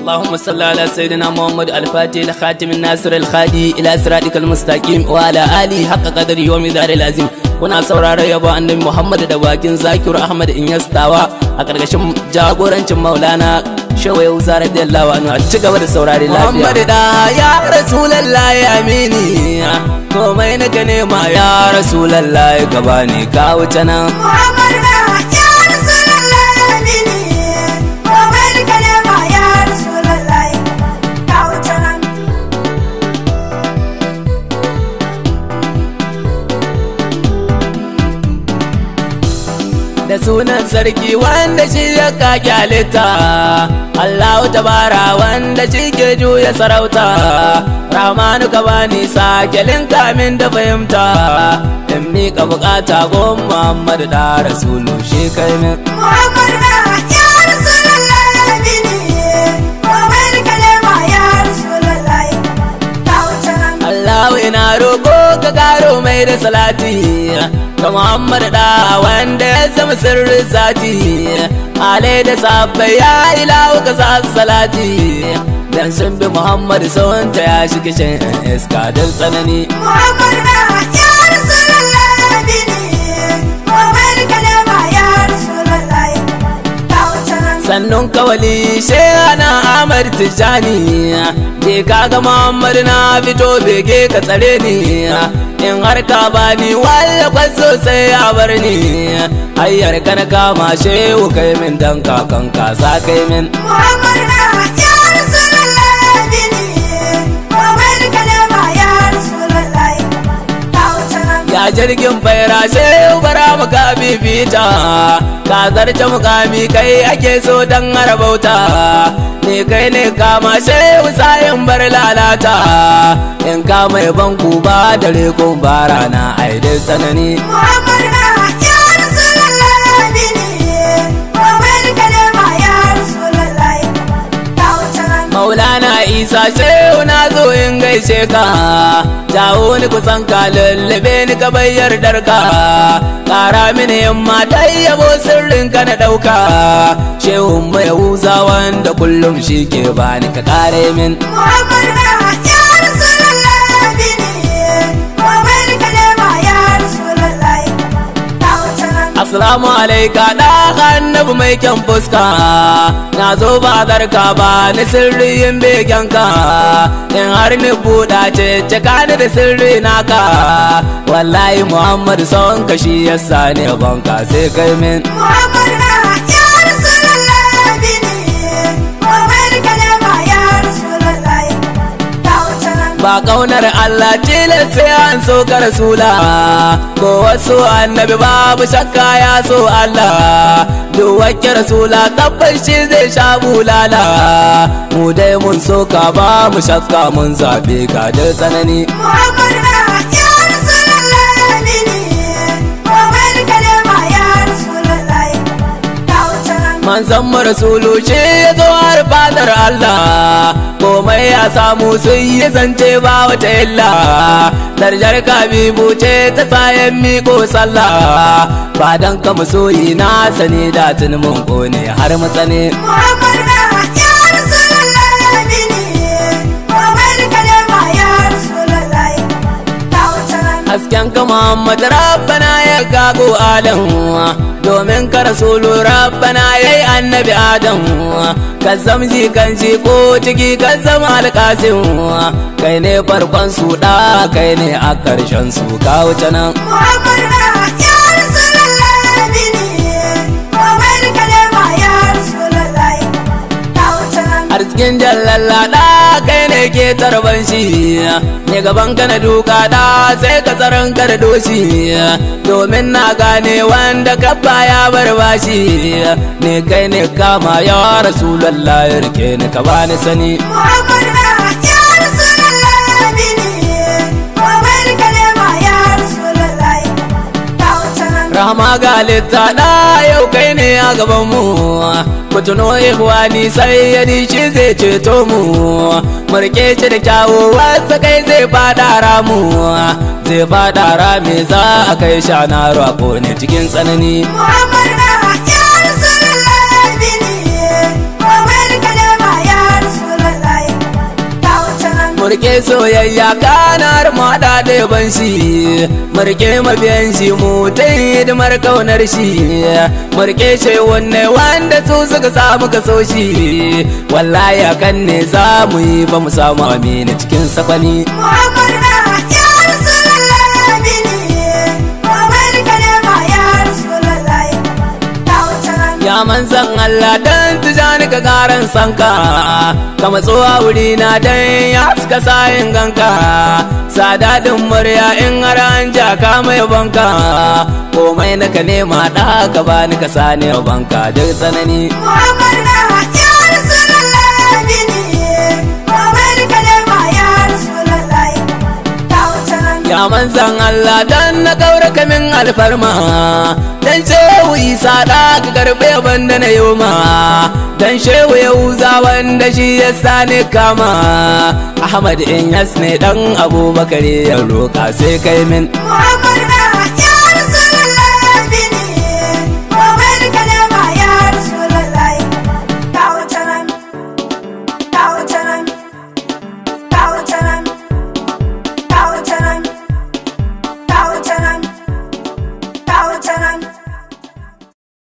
اللهم صل على سيدنا محمد الفاتح الخاتم الناصر الخادي الى صراطك المستقيم وعلى اله حق قدر يوم دار العظيم kuna saurara yabo annabi Muhammad da bakin zakir Ahmad in yastawa a karkashin jagorancin Maulana Shehu Yauza a ci gaba da saurari lafiya Muhammad da ya Rasulullahi amini komai na gane ma ya ka wuce nan Muhammad da sunan sarki wanda shi ya kage halitta Allahu tabara wanda shi ke juya sarauta Ramanu ka bani sakelin kamin da fahimta in mika bukata ko Muhammadu da rasulu shi kai min mai da salati ga muhammadu da wanda ya zama sirri sati alai da safe ya ilawo ka sa salati dan sun bi Muhammad sawanta ya shiga shan iska don tsanani muhammadu da hannun kawali ana amar tijjani ke kaga ga muhammad na fito bege ka tsare ni in har ka ba ni waye kwan sosai a bar ni ayyar kana kama shehu kai min dan kakan ka kai min muhammad jirgin baira sai bara muka fifita ka zarce mukami kai ake so dan harabauta ne kai ne kama sai usayin bar lalata in ka mai banku ba dare ko bara na aidin sanani isa shehu na zo in gaishe ka jawo ni kusan ka lallabe ni ka bayar darka kara mini yin mata yabo sirrin ka na ɗauka shehun mai wuza wanda kullum shi ke bani ka kare min Muhammad Salamu alaika da annabi mai kyan fuska Na zo ba zarka ba ni sirri yin bekenka In har ni buɗa ce cika ni da sirri naka Wallahi Muhammadu son kashi yasa ne banka sai kai min Muhammadu ba kaunar Allah tile sai an so ka rasula ko wasu annabi babu shakka ya so Allah duk wakke rasula tabbas shi zai sha bulala mu dai mun so ka ba mu shakka mun zabe ka da tsanani Muhammad manzan marasulu ce ya zo har fadar Allah komai ya samu sai ya zance ba wata illa darajar kabibu ce ta sayan miko sallah ba dan ka masoyi na sani da mun ne har matsani Muhammad hasken ka Muhammad rabbana ya gago alamu domin ka rasulu rabbana ya yi annabi Adamuwa, ka zamji kan ko ciki ka zama alƙasimu kai ne farkon su da kai ne a karshen su ka wuce nan arzikin jallalla kai ne ke tarban shi ne gaban ka na duka da sai ka tsaron ka da doshi domin na gane wanda ka baya barbashi ne kai ne kama ya rasulullahi ya rike ka bani sani rahama ga littaɗa yau kai ne a gaban mu gabanmu mutuno ihwani sai ya nishi zai ceto mu murke shi da kyawo wasa kai zai fada ramu zai fada rami za a kai shana rako ne cikin tsanani murke soyayya kanar mada ban shi murke mabiyan shi mu ta hidimar kaunar shi murke shi wanne wanda su suka samu ka so shi wallahi kan ne za mu yi ba mu samu amina cikin sakwani ya manzan Allah dan ni ka karan sanka ka matsuwa wuri na dan ya suka sayin ganka sadadin murya in har an ja ka mai banka komai na ka nema da ka bani ka sani banka duk tsanani ya ya manzan Allah dan na gaura kamin alfarma dan shehu isa da ka karbe banda na yoma dan shehu yahuza wanda shi ya sani kama ahmad in yasne ne dan abubakar ya roka sai kai min muhammad